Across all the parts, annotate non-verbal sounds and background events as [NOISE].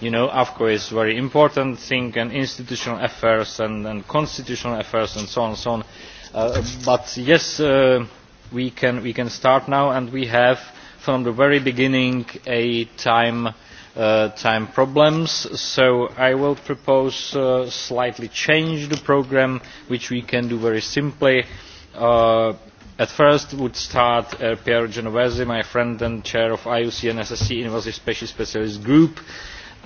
you know afco is a very important thing and institutional affairs and constitutional affairs and so on and so on uh, but yes uh, we can start now and we have from the very beginning a time uh, time problems so i will propose slightly change the program which we can do very simply at first would start uh, Pierre Genovese, my friend and chair of IUCN SSC Invasive Species Specialist Group. Uh,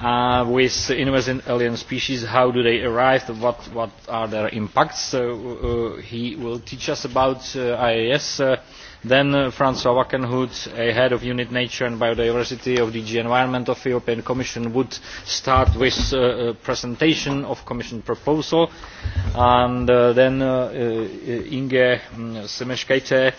Uh, with invasive alien species how do they arrive what what are their impacts so uh, he will teach us about uh, IAS uh, then uh, Francois Wackenhut, a head of unit nature and biodiversity of the DG environment of the European Commission would start with uh, a presentation of commission proposal and uh, then uh, uh, Inge mm, Semeskete um,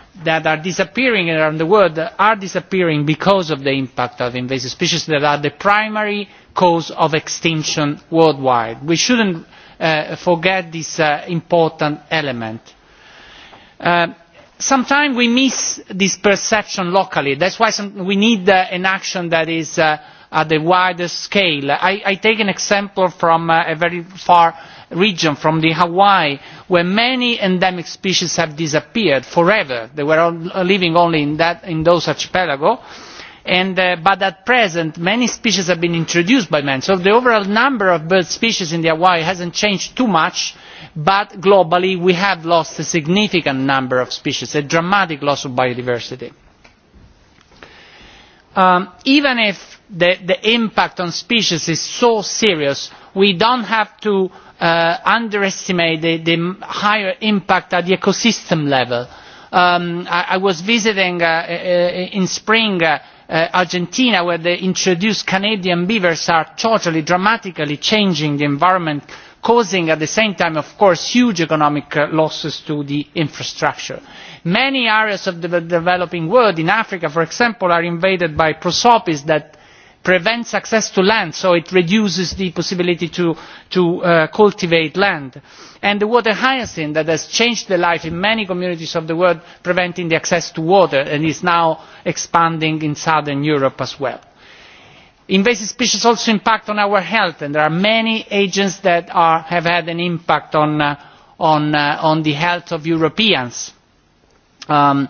that are disappearing around the world are disappearing because of the impact of invasive species that are the primary cause of extinction worldwide. we should not uh, forget this uh, important element. Uh, sometimes we miss this perception locally. that is why we need an action that is at a wider scale. i take an example from a very far region from hawaii where many endemic species have disappeared forever they were uh, living only in those archipelagos uh, but at present many species have been introduced by man so the overall number of bird species in hawaii has not changed too much but globally we have lost a significant number of species a dramatic loss of biodiversity. Um, even if the impact on species is so serious we do not have Uh, underestimate the higher impact at the ecosystem level. Um, i was visiting uh, uh, in spring argentina where the introduced canadian beavers are totally dramatically changing the environment causing at the same time of course huge economic losses to the infrastructure. many areas of the developing world in africa for example are invaded by prosopis that prevents access to land so it reduces the possibility to uh, cultivate land and the water hyacinth that has changed the life of many communities of the world preventing access to water and is now expanding in southern europe as well. invasive species also impact on our health and there are many agents that have had an impact on uh, uh, the health of europeans such um,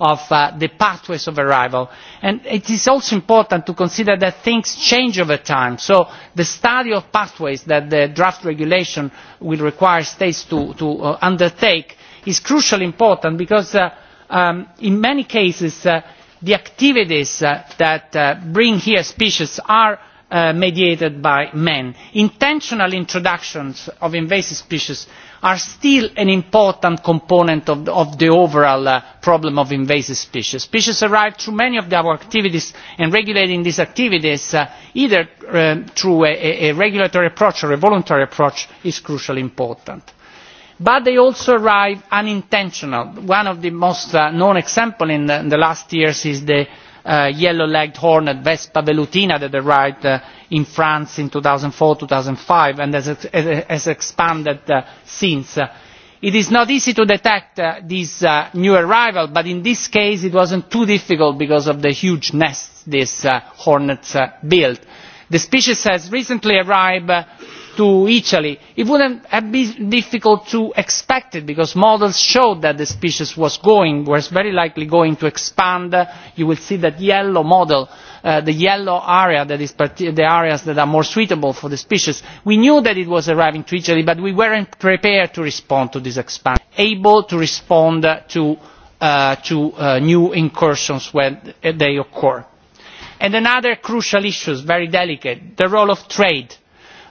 of uh, the pathways of arrival. it is also important to consider that things change over time so the study of pathways that the draft regulation will require states to uh, undertake is crucially important because uh, um, in many cases the activities that bring here species are Uh, mediated by man. intentional introductions of invasive species are still an important component of the overall uh, problem of invasive species. species arrive through many of our activities and regulating these activities uh, either through a regulatory approach or a voluntary approach is crucially important. but they also arrive unintentionally. one of the most known examples in the last years is Uh, yellow legged hornet vespa velutina that arrived uh, in france in two thousand and four two thousand and five and has expanded uh, since. it is not easy to detect this new arrival but in this case it was not too difficult because of the huge nests these hornets built. the species has recently arrived to italy it would not have been difficult to expect it because models show that the species was very likely going to expand. you will see that the yellow model uh, the yellow area that is the areas that are more suitable for the species we knew that it was arriving to italy but we were not prepared to respond to this expansion able to respond to uh, uh, new incursions when they occur. another crucial issue very delicate the role of trade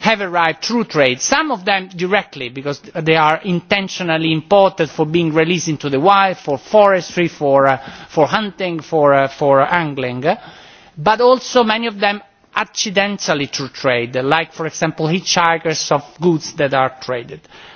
have arrived through trade some of them directly because they are intentionally imported for being released into the wild for forestry for uh, hunting uh, for angling but also many of them accidentally through trade like for example hitchhikers of goods that are traded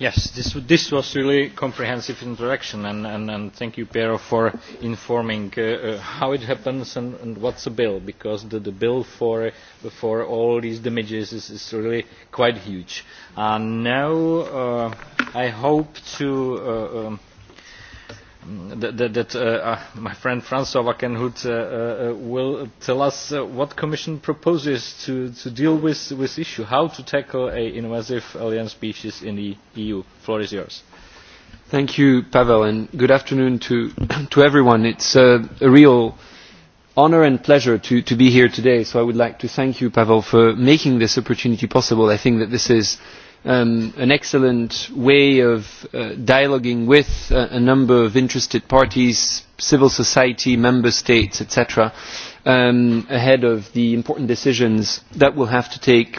this was a really comprehensive introduction and thank you pero for informing uh, uh, how it happens and what is the bill because the bill for all these damages is really quite huge. Uh, now i hope to um, that, that uh, uh, my friend François Wackenhut uh, uh, uh, will tell us uh, what Commission proposes to, to deal with this issue, how to tackle an invasive alien species in the EU. floor is yours. Thank you, Pavel, and good afternoon to, [CLEARS THROAT] to everyone. It's a, uh, a real honor and pleasure to, to be here today, so I would like to thank you, Pavel, for making this opportunity possible. I think that this is Um, an excellent way of uh, dialoguing with uh, a number of interested parties civil society member states etc. Um, ahead of the important decisions that we will have to take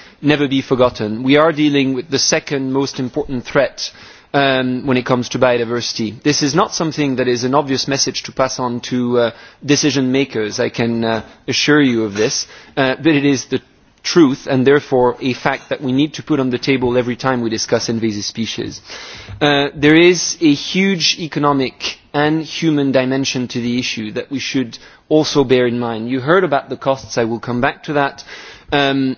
never be forgotten. we are dealing with the second most important threat um, when it comes to biodiversity. this is not something that is an obvious message to pass on to uh, decision makers. i can uh, assure you of this. Uh, but it is the truth and therefore a fact that we need to put on the table every time we discuss invasive species. Uh, there is a huge economic and human dimension to the issue that we should also bear in mind. you heard about the costs. i will come back to that. Um,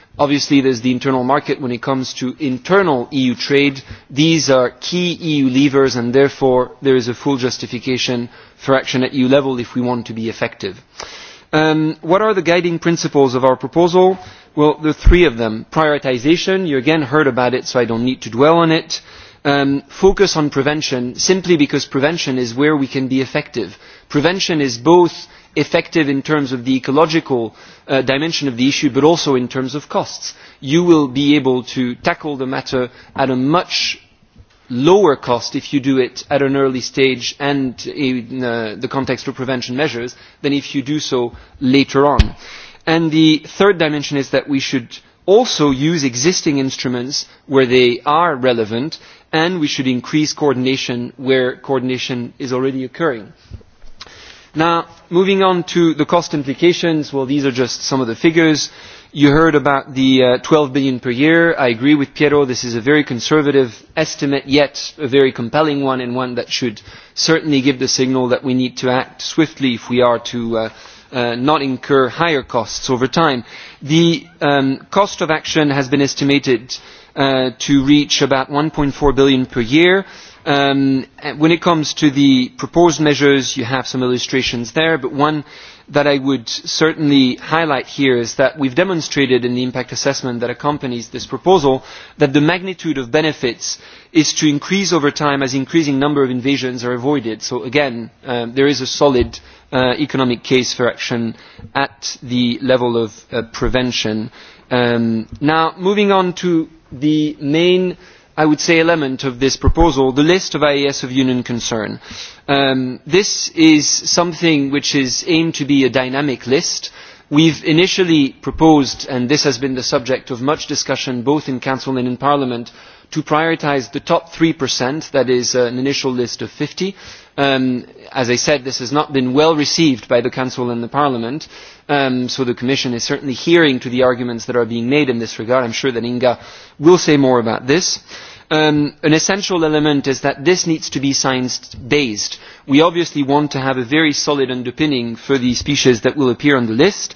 Obviously, there's the internal market when it comes to internal EU trade. These are key EU levers, and therefore, there is a full justification for action at EU level if we want to be effective. Um, what are the guiding principles of our proposal? Well, there are three of them. Prioritization, you again heard about it, so I don't need to dwell on it. Um, focus on prevention simply because prevention is where we can be effective. prevention is both effective in terms of the ecological uh, dimension of the issue but also in terms of costs. you will be able to tackle the matter at a much lower cost if you do it at an early stage and in uh, the context of prevention measures than if you do so later on. and the third dimension is that we should also use existing instruments where they are relevant and we should increase coordination where coordination is already occurring. Now, moving on to the cost implications, well, these are just some of the figures. You heard about the uh, 12 billion per year. I agree with Piero, this is a very conservative estimate, yet a very compelling one and one that should certainly give the signal that we need to act swiftly if we are to uh, Uh, not incur higher costs over time. the um, cost of action has been estimated uh, to reach about eur. one four billion per year. Um, when it comes to the proposed measures you have some illustrations there but one that I would certainly highlight here is that we have demonstrated in the impact assessment that accompanies this proposal that the magnitude of benefits is to increase over time as an increasing number of invasions are avoided. So again, uh, there is a solid uh, economic case for action at the level of uh, prevention. Um, now, moving on to the main uh, i would say element of this proposal the list of ias of union concern. Um, this is something which is aimed to be a dynamic list. we have initially proposed and this has been the subject of much discussion both in council and in parliament to prioritise the top three that is uh, an initial list of fifty. Um, as i said this has not been well received by the council and the parliament um, so the commission is certainly hearing the arguments that are being made in this regard. i am sure that inga will say more about this. Um, an essential element is that this needs to be science based. we obviously want to have a very solid underpinning for the species that will appear on the list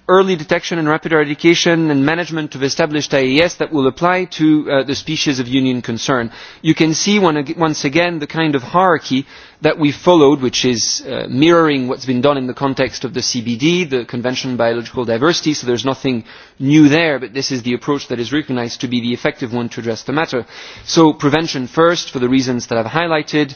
early detection and rapid eradication and management of established IAS e that will apply to uh, the species of union concern. You can see one, once again the kind of hierarchy that we followed, which is uh, mirroring what's been done in the context of the CBD, the Convention on Biological Diversity, so there's nothing new there, but this is the approach that is recognized to be the effective one to address the matter. So prevention first, for the reasons that I've highlighted,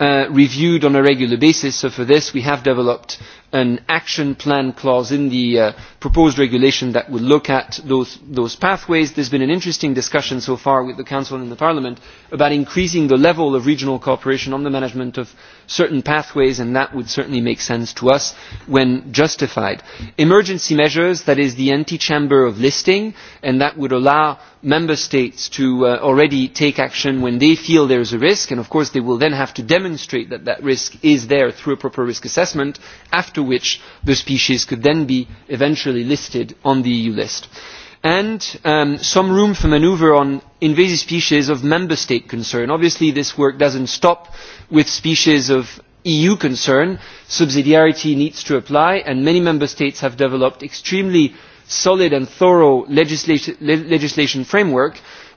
Uh, reviewed on a regular basis so for this we have developed an action plan clause in the uh, proposed regulation that would look at those pathways. there has been an interesting discussion so far with the council and parliament about increasing the level of regional cooperation on the management of certain pathways and that would certainly make sense to us when justified. emergency measures that is the anti chamber of listing and that would allow member states to uh, already take action when they feel there is a risk and of course they will then have to demonstrate that that risk is there through a proper risk assessment afterwards after which the species could then be eventually listed on the eu list and um, some room for manoeuvre on invasive species of member state concern. obviously this work doesn't stop with species of eu concern. subsidiarity needs to apply and many member states have developed extremely solid and thorough legislati- le- legislation frameworks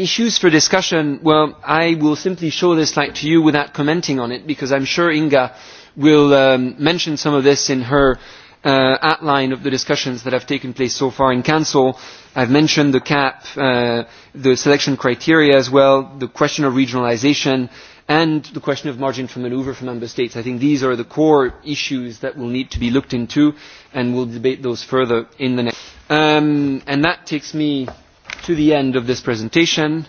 issues for discussion well i will simply show this slide to you without commenting on it because i am sure inga will um, mention some of this in her uh, outline of the discussions that have taken place so far in council. i have mentioned the cap uh, the selection criteria as well the question of regionalisation and the question of margin for manoeuvre for member states. i think these are the core issues that will need to be looked into and we will debate those further in the next. Um, that takes to the end of this presentation,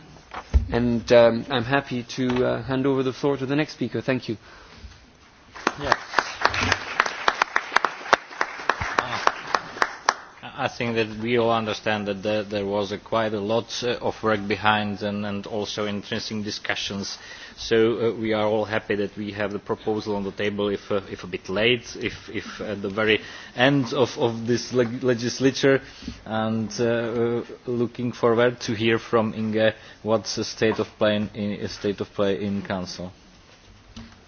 and um, I'm happy to uh, hand over the floor to the next speaker. Thank you. Yeah. I think that we all understand that there, there was a quite a lot uh, of work behind and, and also interesting discussions uh, so uh, we are all happy that we have the proposal on the table if uh, a bit late if at the very end of this legislature and uh, looking forward to hearing from inge what the state of play is in council.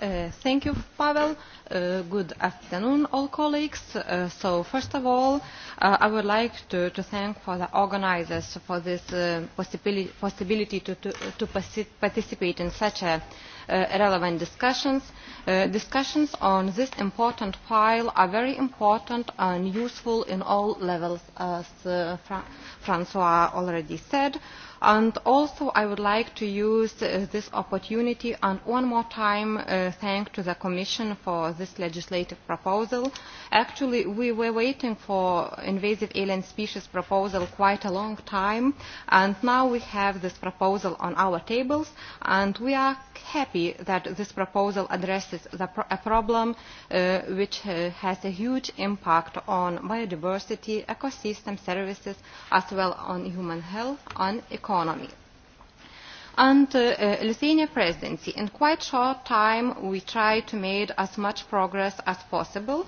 Uh, thank you pavel uh, good afternoon all colleagues uh, so first of all i would like to, to thank for the organizers for this uh, possibility, possibility to, to, to participate in such a uh, relevant discussions uh, discussions on this important file are very important and useful in all levels as uh, Fra- francois already said uh, and also i would like to use uh, this opportunity and one more time uh, thank the commission for this legislative proposal. actually we were waiting for an invasive alien species proposal for quite a long time and now we have this proposal on our tables and we are happy that this proposal addresses a problem uh, which has a huge impact on biodiversity ecosystem services as well as on human health and ecology economy. Under uh, the uh, Lithuanian presidency, in quite short time, we tried to make as much progress as possible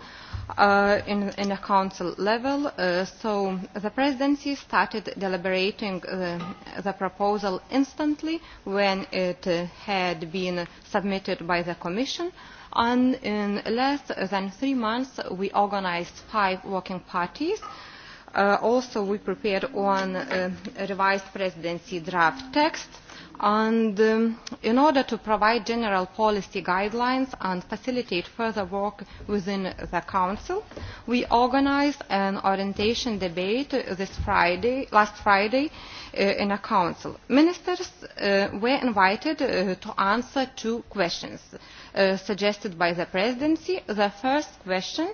uh, in, in a council level. Uh, so the presidency started deliberating uh, the proposal instantly when it uh, had been submitted by the commission. And in less than three months, we organized five working parties. Uh, also we prepared on a uh, revised presidency draft text and um, in order to provide general policy guidelines and facilitate further work within the council we organized an orientation debate this friday last friday uh, in a council ministers uh, were invited uh, to answer two questions uh, suggested by the presidency the first question uh,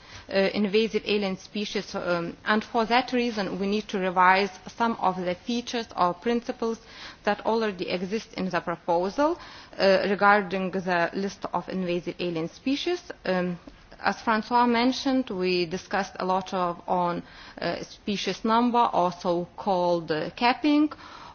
uh, invasive alien species. Um, and for that reason, we need to revise some of the features or principles that already exist in the proposal uh, regarding the list of invasive alien species. Um, as Francois mentioned, we discussed a lot of on uh, species number, also called uh, capping,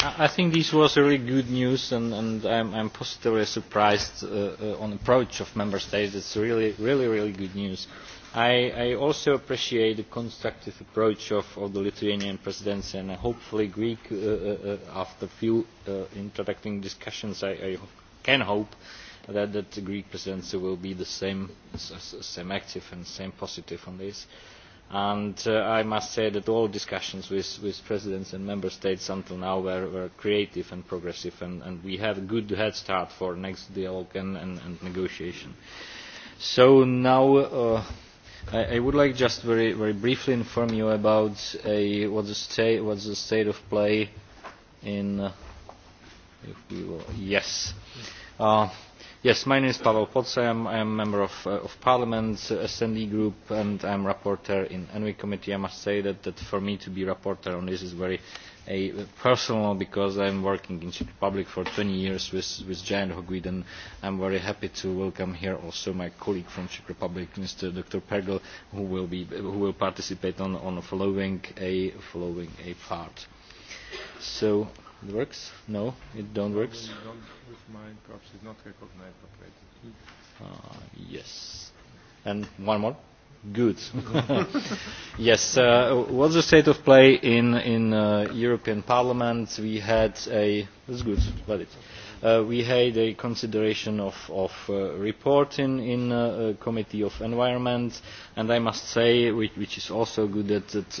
I think this was really good news and I am positively surprised uh, uh, on the approach of member states. It's really, really, really good news. I, I also appreciate the constructive approach of, of the Lithuanian presidency and hopefully Greek, uh, uh, after a few uh, introducing discussions, I, I can hope that, that the Greek presidency will be the same, same active and same positive on this. Uh, and uh, i must say that all discussions with presidents and member states until now were creative and progressive and we have a good head start for the next dialogue and negotiation. so now uh, i would like just very briefly to inform you about what is the state of play in uh, yes my name is pavel poc i am a member of uh, parliament's uh, sd group and i am rapporteur in the envi committee. i must say that for me to be rapporteur on this is very personal because i have been working in the czech republic for twenty years with jan hguyn and i am very happy to welcome here also my colleague from the czech republic mr dr pergl who will participate in following a part. It works? No, it don't no, work. No, no, with mine, perhaps it's not recognized operating. Uh, ah, yes. And one more? Good. [LAUGHS] yes. Uh, what's the state of play in in uh, European Parliament? We had a. It's good. Let it. Uh, we had a consideration of, of uh, report in, in uh, Committee of Environment, and I must say, which, which is also good, that, that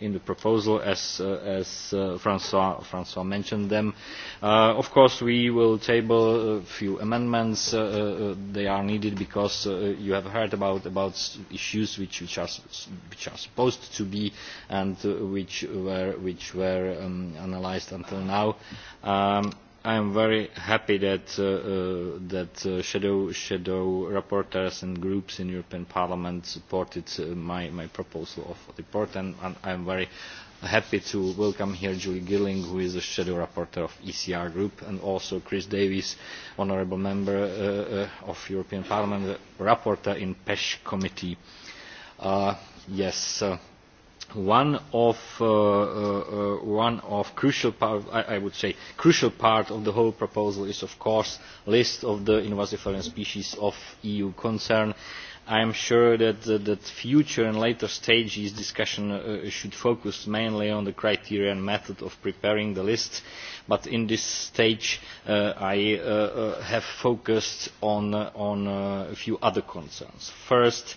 in the proposal as, uh, as uh, Francois, Francois mentioned them. Uh, of course, we will table a few amendments. Uh, uh, uh they are needed because uh, you have heard about, about issues which, which, are, which are supposed to be and uh, which were, which were um, analyzed until now. Um, i am very happy that uh, uh, uh, shadow rapporteurs and groups in the european parliament supported my proposal of a report and i am very happy to welcome here julie girling who is the shadow rapporteur of the ecr group and also chris davies honourable member of the european parliament rapporteur in the pech committee one of the uh, uh, uh, crucial parts of the whole proposal is of course the list of the invasive foreign species of eu concern. i am sure that the future and later stages discussion should focus mainly on the criteria and method of preparing the list but at this stage i have focused on a few other concerns. first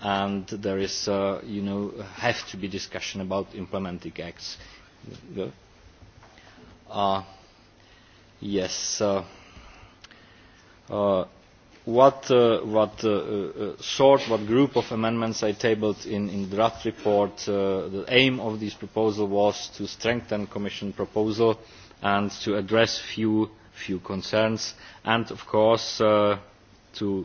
and there is, uh, you know, have to be discussion about implementing acts. Uh, yes. Uh, uh, what uh, what uh, uh, uh, sort, what group of amendments I tabled in, in the draft report, uh, the aim of this proposal was to strengthen Commission proposal and to address few few concerns and, of course, uh, to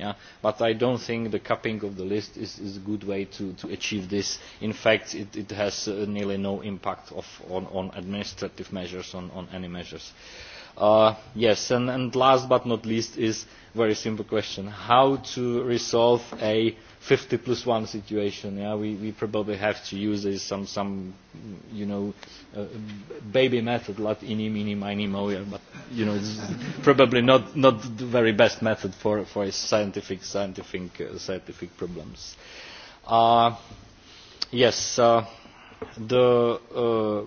Yeah? But I don't think the cupping of the list is, is a good way to, to achieve this. In fact, it, it has uh, nearly no impact of, on, on administrative measures, on, on any measures. Uh, yes, and, and last but not least is a very simple question. How to resolve a 50 plus 1 situation? Yeah? We, we probably have to use this some, some you know, uh, baby method, like ini, mini, mini, mo, yeah? but you know, it's probably not, not the very best method for, for scientific, scientific, uh, scientific problems. Uh, yes, uh, the uh,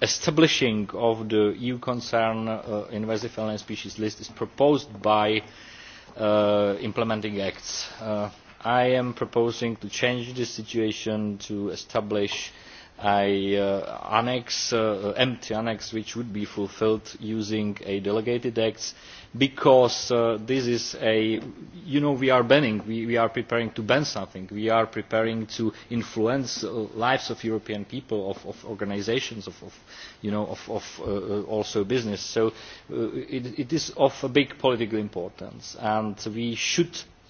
establishing of the EU concern uh, invasive alien species list is proposed by uh, implementing acts. Uh, I am proposing to change the situation to establish uh, Uh, an uh, empty annex which would be fulfilled using a delegated act because uh, this is a you know we are banning we are preparing to ban something we are preparing to influence the lives of european people of organisations of also business so it is of big political importance and we should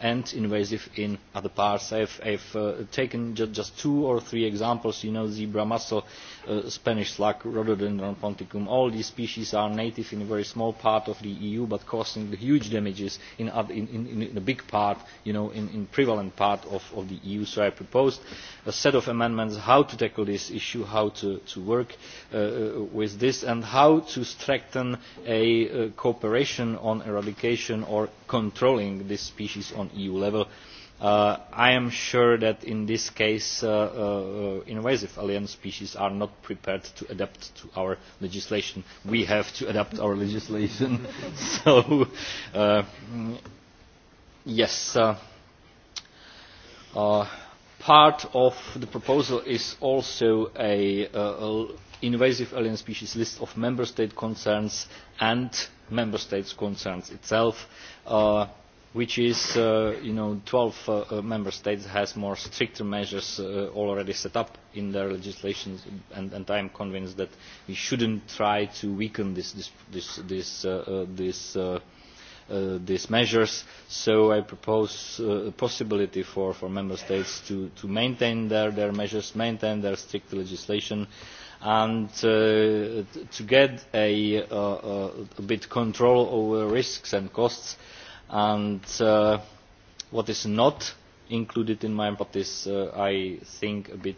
and invasive in other parts. i have uh, taken just two or three examples you know zebra mussel uh, spanish slug rhododendron ponticum all these species are native in a very small part of the eu but causing huge damages in, other, in, in, in a big part you know in, in prevalent part of, of the eu. so i proposed a set of amendments how to tackle this issue how to, to work uh, uh with this and how to strengthen a, a cooperation on eradication or controlling this species on eu level uh, i am sure that in this case uh, uh, uh, invasive alien species are not prepared to adapt to our legislation we have to adapt our legislation [LAUGHS] so uh, yes uh, uh, part of the proposal is also a, a, uh, a invasive alien species list of member state concerns and member states concerned itself uh, which is uh, you know twelve uh, member states has more stricter measures already set up in their legislation and i am convinced that we should not try to weaken these measures so i propose a possibility for member states to maintain their measures maintain their strict legislation and uh, to get a uh, uh, bit of control over risks and costs and what is not included in my input is i think a bit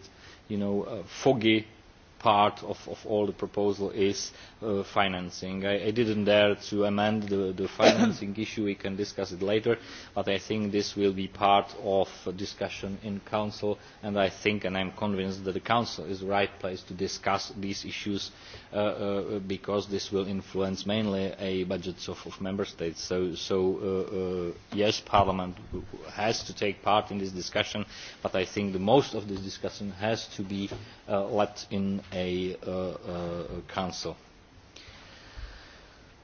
you know foggy part of all the proposals is uh, financing. i did not dare to amend the [COUGHS] financing issue we can discuss it later but i think this will be part of the discussion in the council and i think and i am convinced that the council is the right place to discuss these issues uh, uh, because this will influence mainly the budgets of member states. so yes parliament has to take part in this discussion but i think most of this discussion has to be led in a uh, uh, council.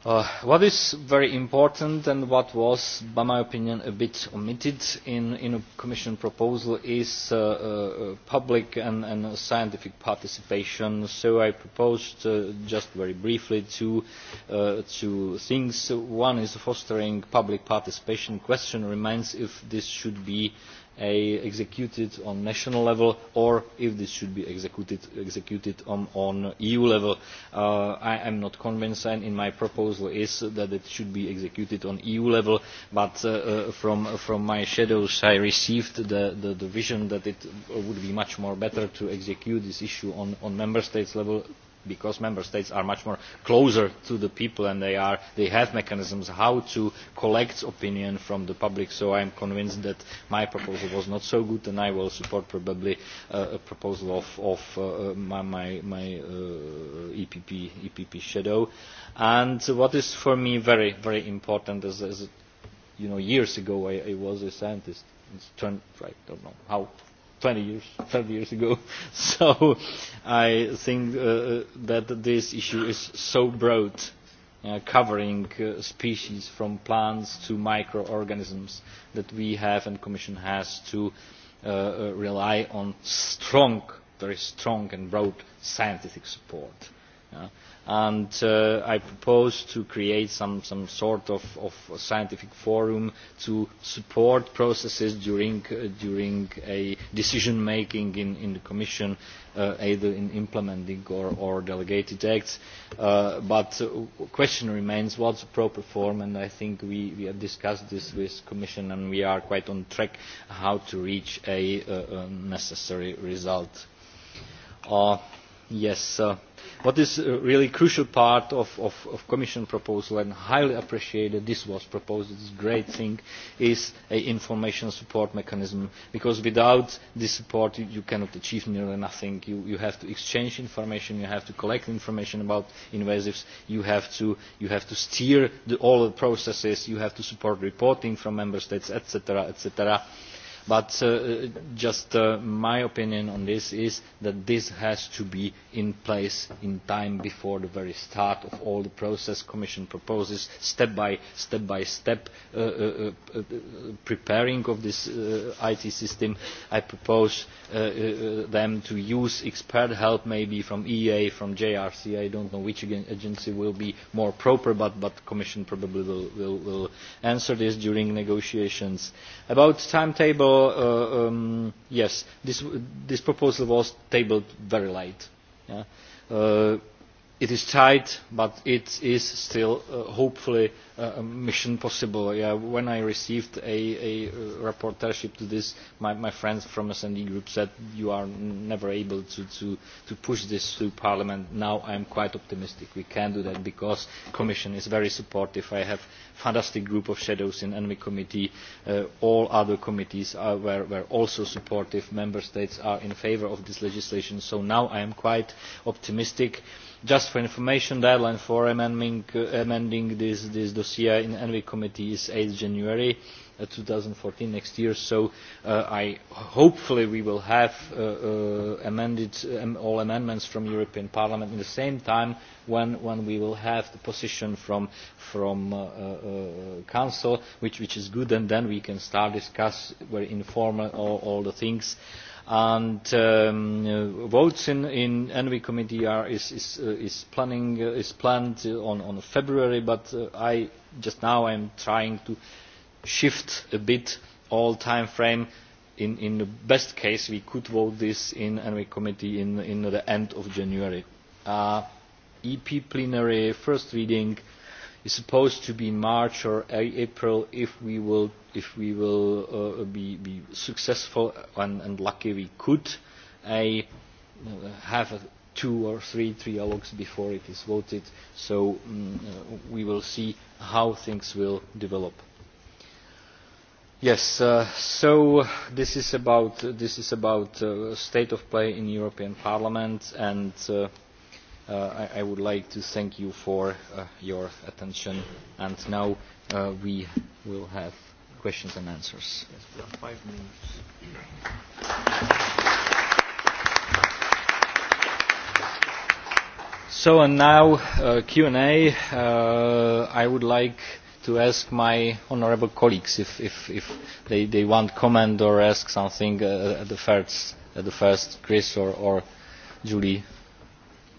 Uh, what is very important and what was, by my opinion, a bit omitted in, in a Commission proposal is uh, uh, public and, and scientific participation. So I proposed, uh, just very briefly, two, uh, two things. One is fostering public participation. The question remains if this should be a executed on national level or if this should be executed, executed on, on EU level. Uh, I am not convinced and in my proposal is that it should be executed on EU level but uh, uh, from, from my shadows I received the, the, the vision that it would be much more better to execute this issue on, on member states level because member states are much more closer to the people and they have mechanisms for how to collect opinion from the public so i am convinced that my proposal was not so good and i will support probably uh, a proposal of uh, uh, my epp e shadow. what is for me very very important is that years ago i was a scientist it has turned right i do not know how twenty years thirty years ago [LAUGHS] so i think uh, uh, that this issue is so broad uh, covering species from plants to micro organisms that we have and the commission has to rely on strong very strong and broad scientific support and uh, i propose to create some sort of scientific forum to support processes during uh, decision making in the commission uh, either in implementing or delegated acts but the question remains what is the proper form and i think we have discussed this with the commission and we are quite on track on how to reach a necessary result what is uh, really a crucial part of the commission proposal and i highly appreciate that this was proposed it is a great thing is an information support mechanism because without this support you cannot achieve nearly nothing. you have to exchange information you have to collect information about invasives you have to steer all the processes you have to support reporting from member states etc but uh, uh, just uh, my opinion on this is that this has to be in place in time before the very start of all the process the commission proposes step by step by step preparing of this it system. i propose them to use expert help maybe from eea from jrc i do not know which agency will be more proper but the commission probably will answer this during negotiations. about the timetable Uh, um, yes this proposal was tabled very late. Uh, it is tight but it is still uh, hopefully uh, mission possible. when i received a uh, rapporteurship to this my friends from the s d group said you are never able to push this through parliament. now i am quite optimistic we can do that because the commission is very supportive. i have a fantastic group of shadows in the envi committee. all other committees were also supportive. member states are in favour of this legislation so now i am quite optimistic just for information the deadline for amending uh, this dossier in the envi committee is eight january two thousand and fourteen next year so uh, hopefully we will have uh, amended um, all amendments from the european parliament at the same time when we will have the position from the council which is good and then we can start discussing very informally all the things and um, uh, votes in in envi committee are is is, uh, is planning uh, is planned on on february but uh, i just now i'm trying to shift a bit all time frame in in the best case we could vote this in envi committee in in the end of january uh, ep plenary first reading uh, is supposed to be in March or April if we will, if we will uh, be, be successful and, and lucky we could I have a two or three trialogues before it is voted. So um, uh, we will see how things will develop. Yes, uh, so this is about, this is about uh, state of play in European Parliament and uh, uh, I, I would like to thank you for uh, your attention. And now uh, we will have questions and answers. Yes, we have five minutes. So and now uh, Q&A. Uh, I would like to ask my honourable colleagues if, if, if they, they want comment or ask something uh, at the first, at the first, Chris or, or Julie.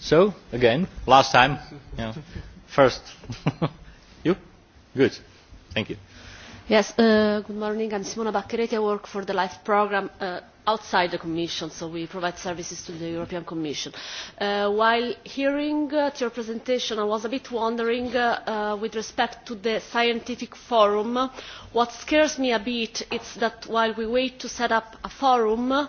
so again last time first [LAUGHS] you good thank you yes uh, good morning i'm simona bacchiaretti i work for the life programme uh, outside the commission so we provide services to the european commission. Uh, while hearing your presentation i was a bit wondering with respect to the scientific forum what scares me a bit is that while we wait to set up a forum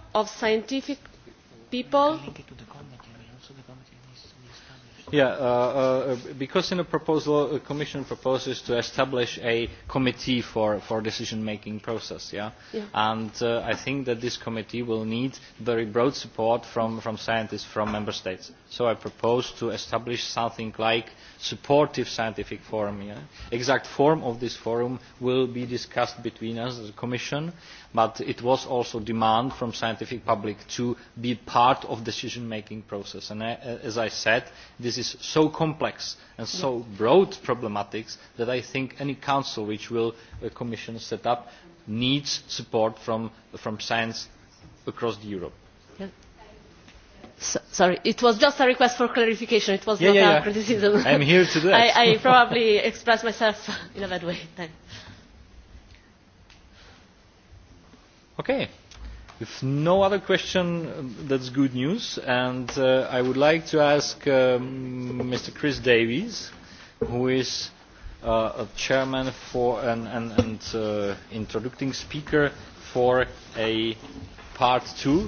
of scientific people Uh, uh, because in the proposal the commission proposes to establish a committee for for decision making process yeah, yeah. and uh, i think that this committee will need very broad support from from scientists from member states so i propose to establish something like supportive scientific forum yeah exact form of this forum will be discussed between us as a commission but it was also demand from scientific public to be part of decision making process and uh, as i said this is is so complex and so broad problematics that i think any council which the uh, commission will set up needs support from science across europe. sorry it was just a request for clarification it was yeah, not yeah, a yeah. criticism. i am here today. [LAUGHS] I, I probably expressed myself in a bad way then. okay if no other question uh, that's good news and uh, i would like to ask um, mr chris davies who is uh, a chairman for an and, and uh, introducing speaker for a part 2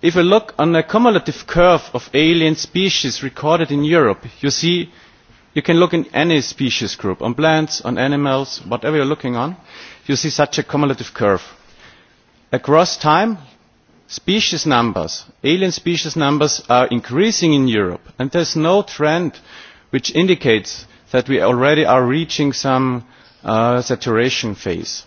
if you look at the cumulative curve of alien species recorded in europe you see you can look at any species group on plants on animals whatever you are looking at you see such a cumulative curve. across time species numbers alien species numbers are increasing in europe and there is no trend which indicates that we are already reaching some uh, saturation phase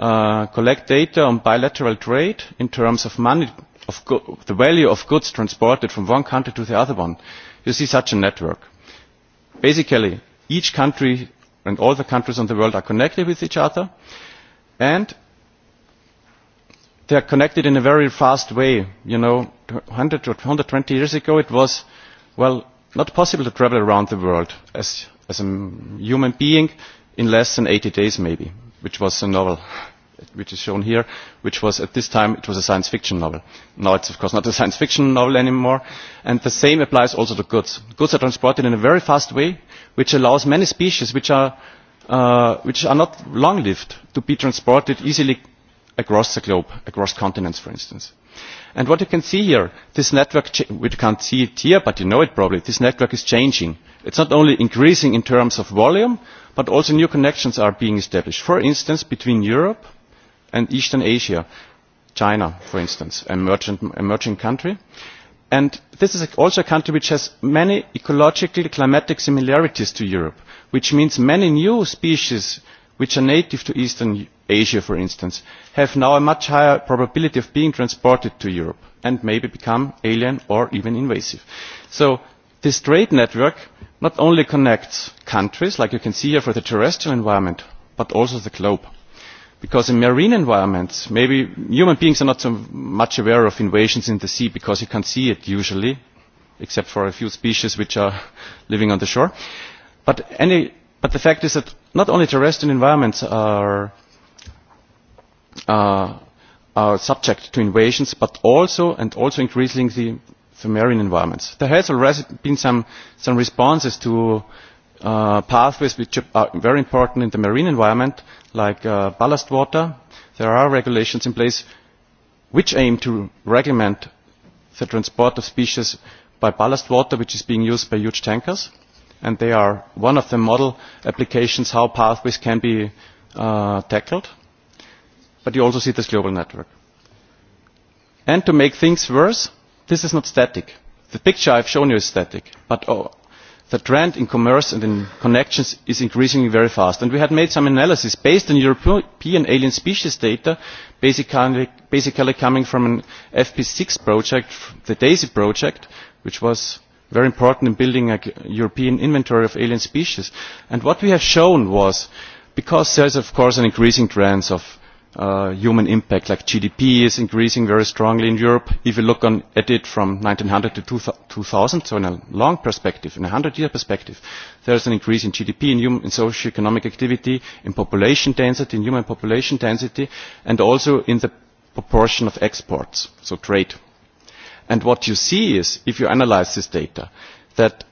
Uh, collect data on bilateral trade in terms of the value of goods transported from one country to the other you see such a network. basically each country and all the countries in the world are connected with each other and they are connected in a very fast way. You know, 100 or 120 years ago it was well, not possible to travel around the world as, as a human being in less than 80 days maybe, which was a novel which is shown here, which was at this time it was a science fiction novel. Now it's of course not a [LAUGHS] science fiction novel anymore. And the same applies also to goods. Goods are transported in a very fast way, which allows many species which are, uh, which are not long lived to be transported easily across the globe, across continents for instance. And what you can see here, this network, we can't see it here, but you know it probably, this network is changing. It's not only increasing in terms of volume, but also new connections are being established. For instance, between Europe and eastern asia china for instance an emerging country and this is also a country which has many ecological climatic similarities to europe which means many new species which are native to eastern asia for instance have now a much higher probability of being transported to europe and maybe become alien or even invasive so this trade network not only connects countries like you can see here for the terrestrial environment but also the globe because in marine environments maybe human beings are not so much aware of invasions in the sea because you can't see it usually except for a few species which are [LAUGHS] living on the shore but, any, but the fact is that not only terrestrial environments are, uh, are subject to invasions but also and also increasingly the, the marine environments there has already been some, some responses to uh, pathways which are very important in the marine environment like uh, ballast water, there are regulations in place which aim to regulate the transport of species by ballast water, which is being used by huge tankers. And they are one of the model applications how pathways can be uh, tackled. But you also see this global network. And to make things worse, this is not static. The picture I've shown you is static, but oh, the trend in commerce and in connections is increasing very fast and we had made some analysis based on european alien species data basically coming from an fp six project the daisy project which was very important in building a european inventory of alien species and what we have shown was because there is of course an increasing trend of uh, human impact, like GDP is increasing very strongly in Europe. If you look on, at it from 1900 to 2000, so in a long perspective, in a 100-year perspective, there's an increase in GDP, in, human, in socio-economic activity, in population density, in human population density, and also in the proportion of exports, so trade. And what you see is, if you analyze this data, that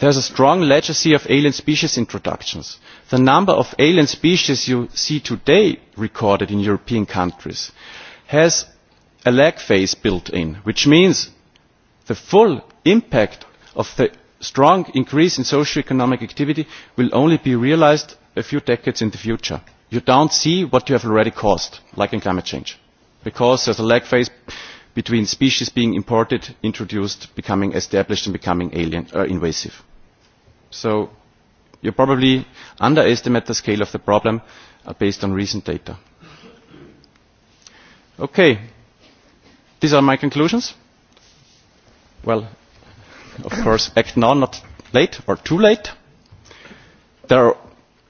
there's a strong legacy of alien species introductions the number of alien species you see today recorded in european countries has a lag phase built in which means the full impact of the strong increase in socio-economic activity will only be realised a few decades in the future. You don't see what you have already caused, like in climate change, because there's a lag phase between species being imported, introduced, becoming established and becoming alien or uh, invasive. So you probably underestimate the scale of the problem uh, based on recent data. Okay, these are my conclusions. Well, of course, act now, not late or too late. There are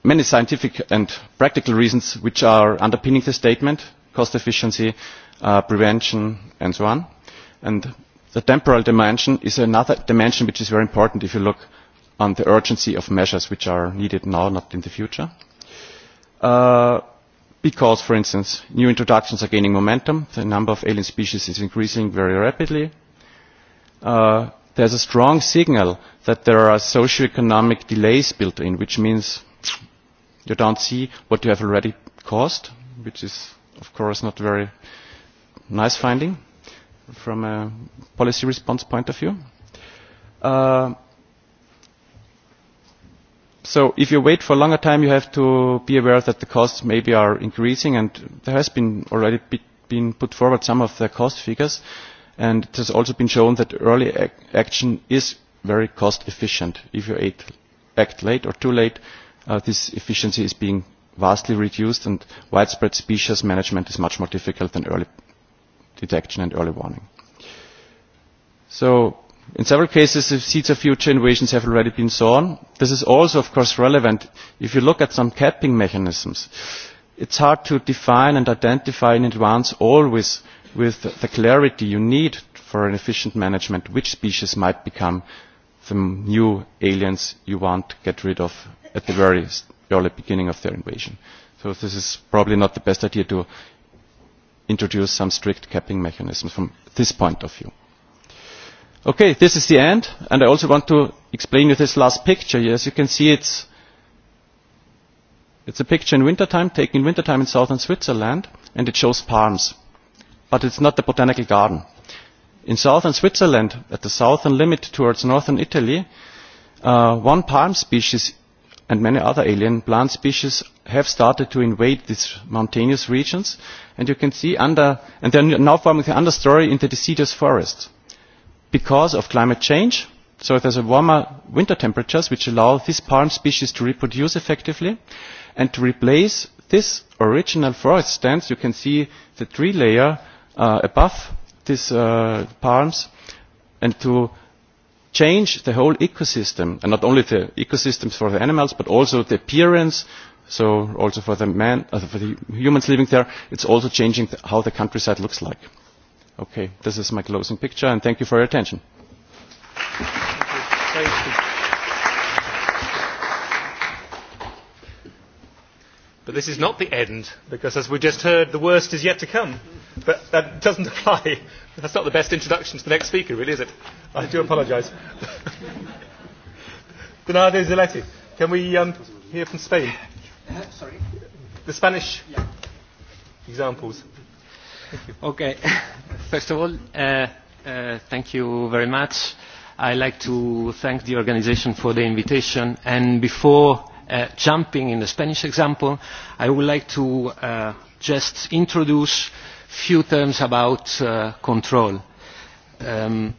many scientific and practical reasons which are underpinning the statement, cost efficiency, uh, prevention, and so on. And the temporal dimension is another dimension which is very important if you look on the urgency of measures which are needed now, not in the future. Uh, because, for instance, new introductions are gaining momentum, the number of alien species is increasing very rapidly. Uh, there's a strong signal that there are socioeconomic delays built in, which means you don't see what you have already caused, which is, of course, not a very nice finding from a policy response point of view. Uh, So if you wait for a longer time, you have to be aware that the costs maybe are increasing, and there has been already be, been put forward some of the cost figures, and it has also been shown that early ac action is very cost efficient. If you act, act late or too late, uh, this efficiency is being vastly reduced, and widespread species management is much more difficult than early detection and early warning. So in several cases the seeds of future innovations have already been sown. this is also of course relevant if you look at some capping mechanisms. it is hard to define and identify in advance always with the clarity you need for an efficient management which species might become the new aliens you want to get rid of at the very early beginning of their invasion. so this is probably not the best idea to introduce some strict capping mechanisms from this point of view this is the end and i also want to explain this last picture here. as you can see it is a picture in winter time taken in winter time in southern switzerland and it shows palms but it is not the botanical garden. in southern switzerland at the southern limit towards northern italy uh, one palm species and many other alien plant species have started to invade these mountainous regions and you can see under and they are now forming the understory in the deciduous forests because of climate change. So there's a warmer winter temperatures which allow this palm species to reproduce effectively and to replace this original forest stands, you can see the tree layer uh, above these uh, palms and to change the whole ecosystem and not only the ecosystems for the animals but also the appearance so also for the man, uh, for the humans living there, it's also changing the, how the countryside looks like okay this is my closing picture and thank you for your attention but this is not the end because as we just heard the worst is yet to come but that doesn't [LAUGHS] apply that's not the best introduction to the next speaker really is it i do apologize bernardo zeletti can we um, hear from spain uh, sorry the spanish yeah. examples Okay. First of all, uh, uh, thank you very much. I'd like to thank the organization for the invitation. And before uh, jumping in the Spanish example, I would like to uh, just introduce a few terms about uh, control. Um,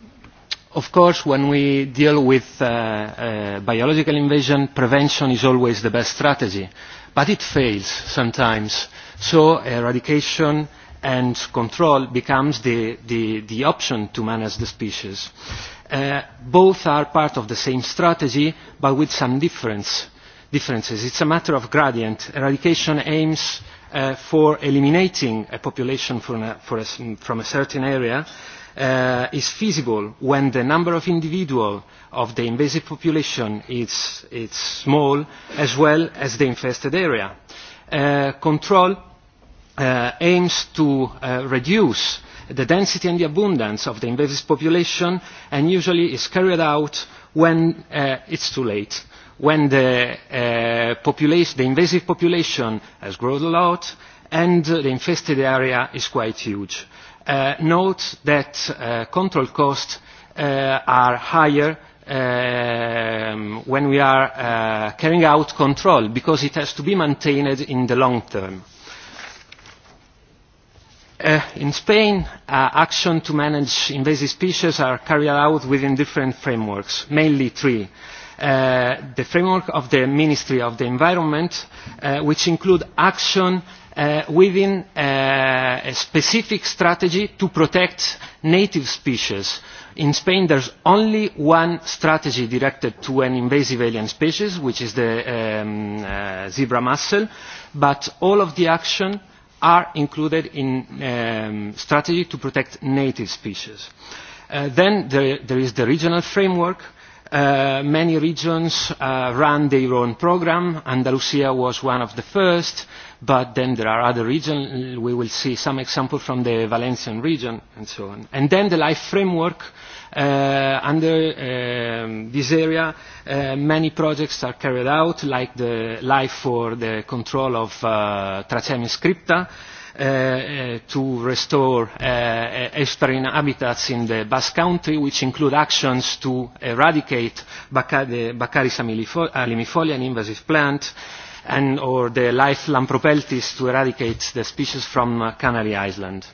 of course, when we deal with uh, uh, biological invasion, prevention is always the best strategy. But it fails sometimes. So eradication and control becomes the, the, the option to manage the species. Uh, both are part of the same strategy, but with some difference, differences. It's a matter of gradient. Eradication aims uh, for eliminating a population from a, for a, from a certain area. Uh, is feasible when the number of individuals of the invasive population is, is small as well as the infested area. Uh, control Uh, aims to uh, reduce the density and the abundance of the invasive population and usually is carried out when uh, it is too late when the invasive population has grown a lot and the infested area is quite huge. note that control costs are higher um, when we are carrying out control because it has to be maintained in the long term. Uh, in spain uh, actions to manage invasive species are carried out within different frameworks mainly three uh, the framework of the ministry of the environment which includes action within a specific strategy to protect native species. in spain there is only one strategy directed to an invasive alien species which is the um, zebra mussel but all of the actions are included in a um, strategy to protect native species. Uh, then there, there is the regional framework. Uh, many regions uh, run their own program. Andalusia was one of the first, but then there are other regions. We will see some examples from the Valencian region and so on. And then the life framework, uh, uh, under uh, this area uh, many projects are carried out like the life for the control of uh, Tracemia scripta uh, uh, to restore uh, e-, estuarine habitats in the Basque Country which include actions to eradicate Baccaris alimifolia, an invasive plant and or the life Lampropeltis to eradicate the species from uh, Canary Island.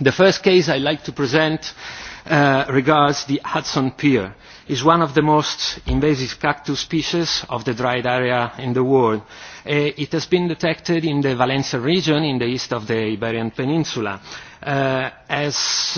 The first case I'd like to present uh, Uh, regards the hudson pier. it is one of the most invasive cactus species of the dried area in the world. Uh, it has been detected in the valencia region in the east of the iberian peninsula. Uh,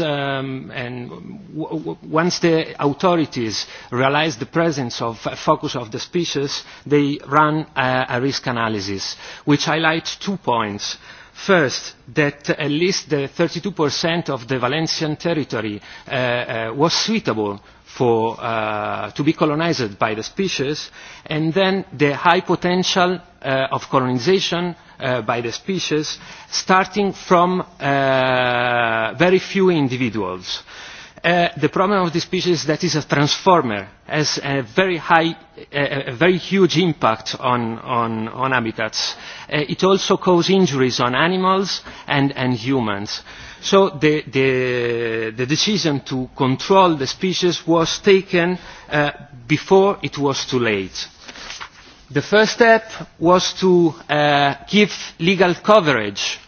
um, once the authorities realised the presence of a focus of the species they ran a risk analysis which highlights two points first that at least thirty two of the valencian territory uh, uh, was suitable uh, to be colonised by the species and then the high potential of colonisation by the species starting from very few individuals. Uh, the problem of this piece is that it is a transformer and it has a very huge impact on habitats. Uh, it also causes injuries to animals and humans. so the decision to control the species was taken uh, before it was too late. the first step was to give legal coverage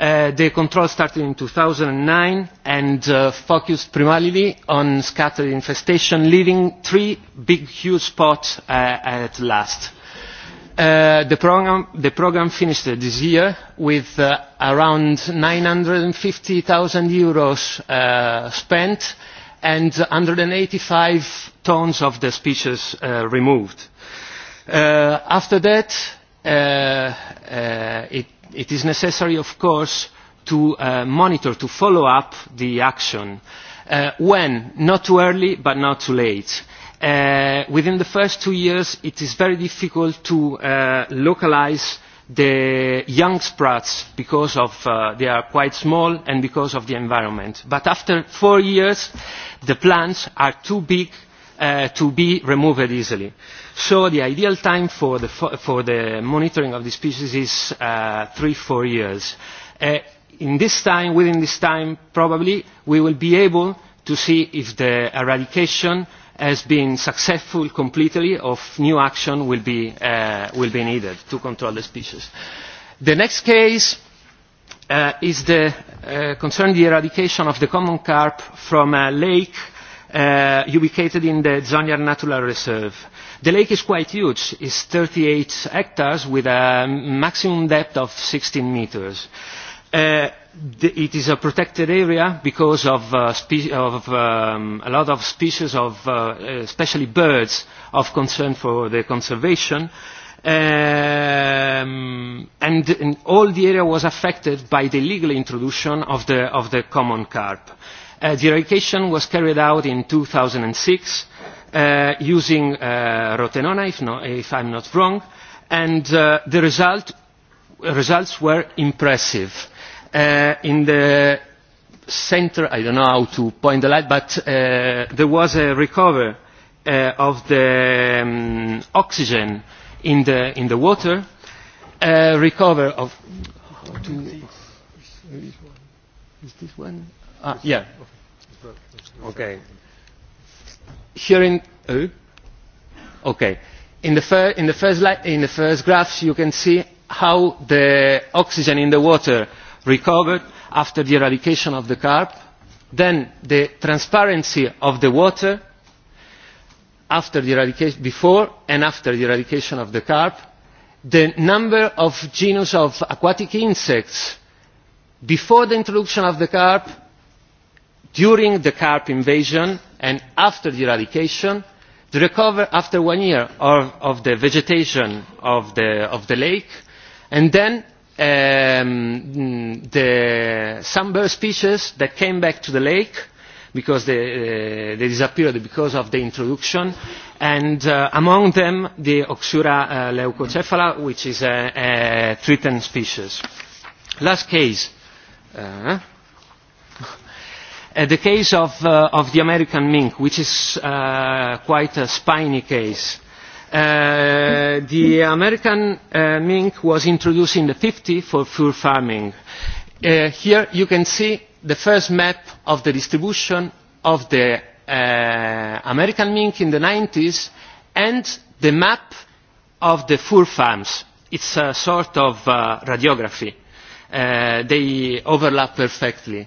Uh, the control started in two thousand and nine and uh, focused primarily on scattered infestation leaving three big huge spots uh, at last. the programme finished this year with around eur nine hundred and fifty zero spent and one hundred and eighty five tonnes of the species removed. after that Uh, uh, it is necessary of course to uh, monitor to follow up the action when not too early but not too late. within the first two years it is very difficult to localise the young sprouts because they are quite small and because of the environment but after four years the plants are too big to be removed easily so the ideal time for the monitoring of the species is uh, three or four years. Uh, within this time probably we will be able to see if the eradication has been successful completely or if new action will be uh, needed to control the species. the next case concerns the eradication of the common carp from a lake ubicated in the zhangjiang natural reserve the lake is quite huge it is thirty eight hectares with a maximum depth of sixteen metres. Uh, it is a protected area because of uh, um, a lot of species uh, especially birds of concern for their conservation um, and all the area was affected by the illegal introduction of the common carp. the eradication was carried out in two thousand and Uh, using a uh, rotenona if no, i am not wrong and uh, the results were impressive. in the centre i do not know how to point the light but there was a recovery of the um, oxygen in the water a recovery of in the first graph you can see how the oxygen in the water recovered after the eradication of the carp then the transparency of the water before and after the eradication of the carp the number of genus of aquatic insects before the introduction of the carp during the carp invasion and after the eradication after one year of the vegetation of the lake and then some um, bird species that came back to the lake because they uh, disappeared because of the introduction and uh, among them the oxura uh, leucocephala which is a threatened species. last case Uh, the case uh, of the american mink which is uh, quite a spiny case the american mink was introduced in the one thousand nine hundred and fifty s for fur farming. here you can see the first map of the distribution of the american mink in the one thousand nine hundred and ninety s and the map of the fur farms. it is a sort of radiography. they overlap perfectly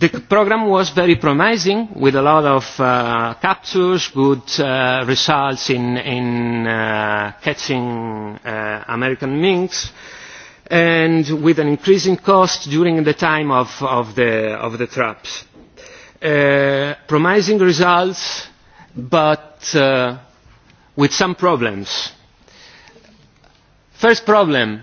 the programme was very promising with a lot of uh, captures good uh, results in uh, catching american minks and with an increasing cost during the time of the traps. promising results but with some problems. the first problem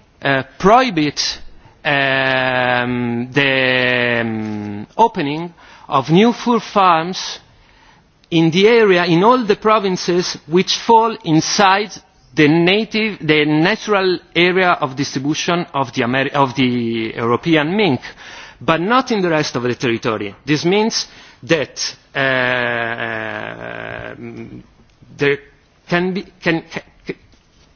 Uh, prohibit um, the um, opening of new fur farms in the area in all the provinces which fall inside the natural area of distribution of the european mink but not in the rest of the territory. this means that uh, um, there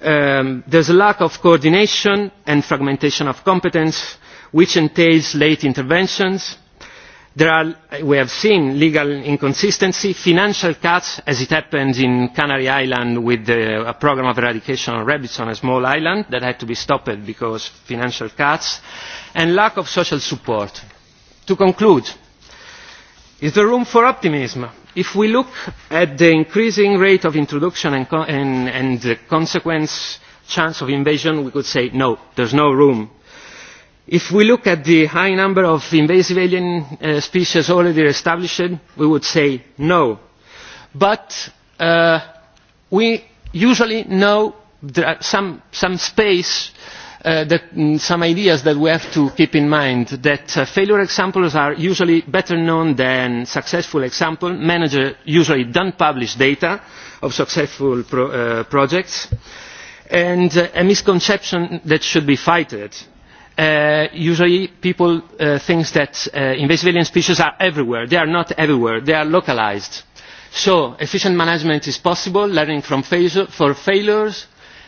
Um, there is a lack of coordination and fragmentation of competence which entails late interventions. there are as we have seen legal inconsistencies financial cuts as happened in canary islands with a programme of eradication of rabies on a small island that had to be stopped because of financial cuts and lack of social support. to conclude is there room for optimism if we look at the increasing rate of introduction and the consequent chance of invasion we could say no there is no room. if we look at the high number of invasive alien uh, species already established we would say no but uh, we usually know some space Uh, mm, some ideas that we have to keep in mind that uh, failure examples are usually better known than successful examples managers usually do not publish data of successful uh, projects and a misconception that should be fighted usually people think that invasive alien species are everywhere. they are not everywhere they are localised. so efficient management is possible learning from failures